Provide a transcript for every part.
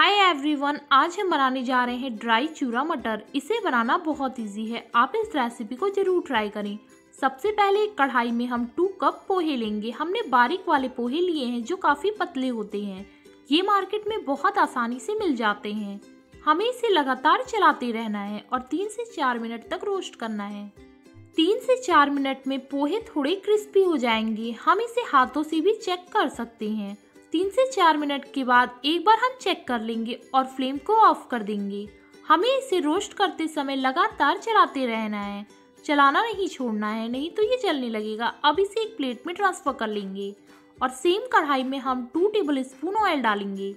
हाय everyone आज हम बनाने जा रहे हैं ड्राई चूरा मटर इसे बनाना बहुत इजी है आप इस रेसिपी को जरूर ट्राई करें सबसे पहले कढ़ाई में हम टू कप पोहे लेंगे हमने बारीक वाले पोहे लिए हैं जो काफ़ी पतले होते हैं ये मार्केट में बहुत आसानी से मिल जाते हैं हमें इसे लगातार चलाते रहना है और तीन से चार मिनट तक रोस्ट करना है तीन से चार मिनट में पोहे थोड़े क्रिस्पी हो जाएंगे हम इसे हाथों से भी चेक कर सकते हैं तीन से चार मिनट के बाद एक बार हम चेक कर लेंगे और फ्लेम को ऑफ कर देंगे हमें इसे रोस्ट करते समय लगातार चलाते रहना है चलाना नहीं छोड़ना है नहीं तो ये जलने लगेगा अब इसे एक प्लेट में ट्रांसफ़र कर लेंगे और सेम कढ़ाई में हम टू टेबल स्पून ऑयल डालेंगे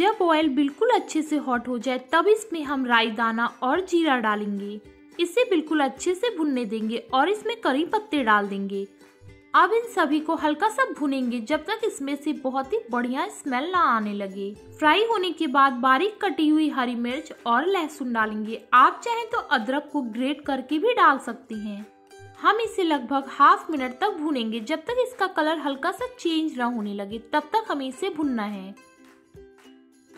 जब ऑयल बिल्कुल अच्छे से हॉट हो जाए तब इसमें हम राई दाना और जीरा डालेंगे इसे बिल्कुल अच्छे से भुनने देंगे और इसमें करी पत्ते डाल देंगे अब इन सभी को हल्का सा भुनेंगे जब तक इसमें से बहुत ही बढ़िया स्मेल ना आने लगे फ्राई होने के बाद बारीक कटी हुई हरी मिर्च और लहसुन डालेंगे आप चाहें तो अदरक को ग्रेट करके भी डाल सकते हैं हम इसे लगभग हाफ मिनट तक भुनेंगे जब तक इसका कलर हल्का सा चेंज ना होने लगे तब तक हमें इसे भुनना है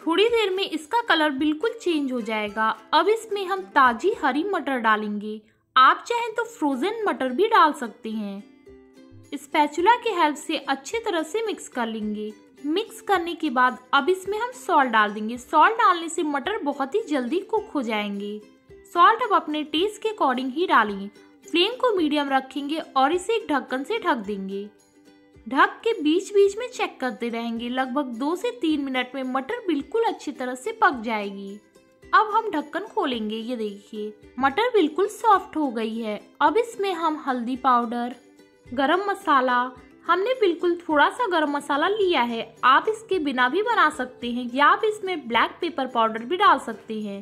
थोड़ी देर में इसका कलर बिल्कुल चेंज हो जाएगा अब इसमें हम ताजी हरी मटर डालेंगे आप चाहें तो फ्रोजन मटर भी डाल सकते हैं स्पैचुला की हेल्प से अच्छी तरह से मिक्स कर लेंगे मिक्स करने के बाद अब इसमें हम सॉल्ट डाल देंगे सॉल्ट डालने से मटर बहुत ही जल्दी कुक हो जाएंगे सॉल्ट अब अपने टेस्ट के अकॉर्डिंग ही डालेंगे फ्लेम को मीडियम रखेंगे और इसे एक ढक्कन से ढक देंगे ढक के बीच बीच में चेक करते रहेंगे लगभग दो से तीन मिनट में मटर बिल्कुल अच्छी तरह से पक जाएगी अब हम ढक्कन खोलेंगे ये देखिए मटर बिल्कुल सॉफ्ट हो गई है अब इसमें हम हल्दी पाउडर गरम मसाला हमने बिल्कुल थोड़ा सा गरम मसाला लिया है आप इसके बिना भी बना सकते हैं या आप इसमें ब्लैक पेपर पाउडर भी डाल सकते हैं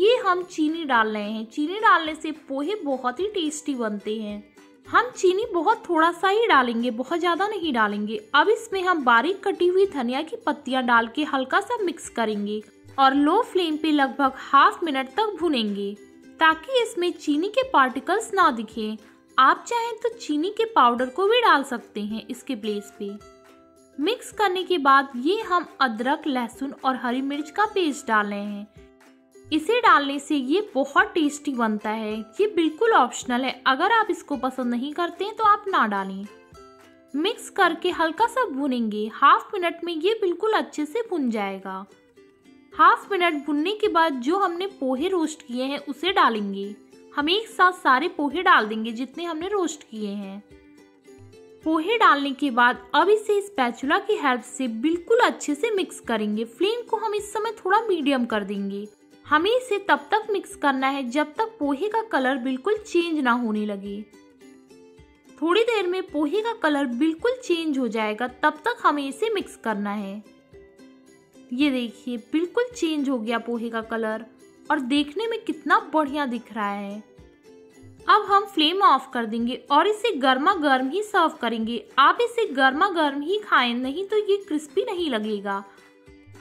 ये हम चीनी डाल रहे हैं चीनी डालने से पोहे बहुत ही टेस्टी बनते हैं हम चीनी बहुत थोड़ा सा ही डालेंगे बहुत ज़्यादा नहीं डालेंगे अब इसमें हम बारीक कटी हुई धनिया की पत्तियाँ डाल के हल्का सा मिक्स करेंगे और लो फ्लेम पे लगभग हाफ मिनट तक भुनेंगे ताकि इसमें चीनी के पार्टिकल्स ना दिखें आप चाहें तो चीनी के पाउडर को भी डाल सकते हैं इसके प्लेस पे मिक्स करने के बाद ये हम अदरक लहसुन और हरी मिर्च का पेस्ट डाल रहे हैं इसे डालने से ये बहुत टेस्टी बनता है ये बिल्कुल ऑप्शनल है अगर आप इसको पसंद नहीं करते हैं तो आप ना डालें मिक्स करके हल्का सा भुनेंगे हाफ मिनट में ये बिल्कुल अच्छे से भुन जाएगा हाफ मिनट भुनने के बाद जो हमने पोहे रोस्ट किए हैं उसे डालेंगे हम एक साथ सारे पोहे डाल देंगे जितने हमने रोस्ट किए हैं पोहे डालने के बाद अब इसे इस पैचुला की हेल्प से बिल्कुल अच्छे से मिक्स करेंगे फ्लेम को हम इस समय थोड़ा मीडियम कर देंगे हमें इसे तब तक मिक्स करना है जब तक पोहे का कलर बिल्कुल चेंज ना होने लगे थोड़ी देर में पोहे का कलर बिल्कुल चेंज हो जाएगा तब तक हमें इसे मिक्स करना है ये देखिए बिल्कुल चेंज हो गया पोहे का कलर और देखने में कितना बढ़िया दिख रहा है अब हम फ्लेम ऑफ कर देंगे और इसे गर्मा गर्म ही सर्व करेंगे आप इसे गर्मा गर्म ही खाएं नहीं तो ये क्रिस्पी नहीं लगेगा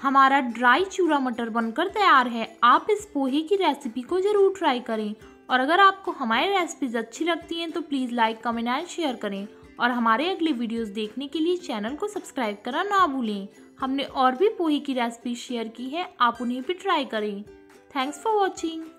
हमारा ड्राई चूरा मटर बनकर तैयार है आप इस पोहे की रेसिपी को ज़रूर ट्राई करें और अगर आपको हमारी रेसिपीज़ अच्छी लगती हैं तो please like comment and share करें और हमारे अगले वीडियोस देखने के लिए चैनल को सब्सक्राइब करना ना भूलें हमने और भी पोहे की रेसिपी शेयर की है आप उन्हें भी ट्राई करें Thanks for watching.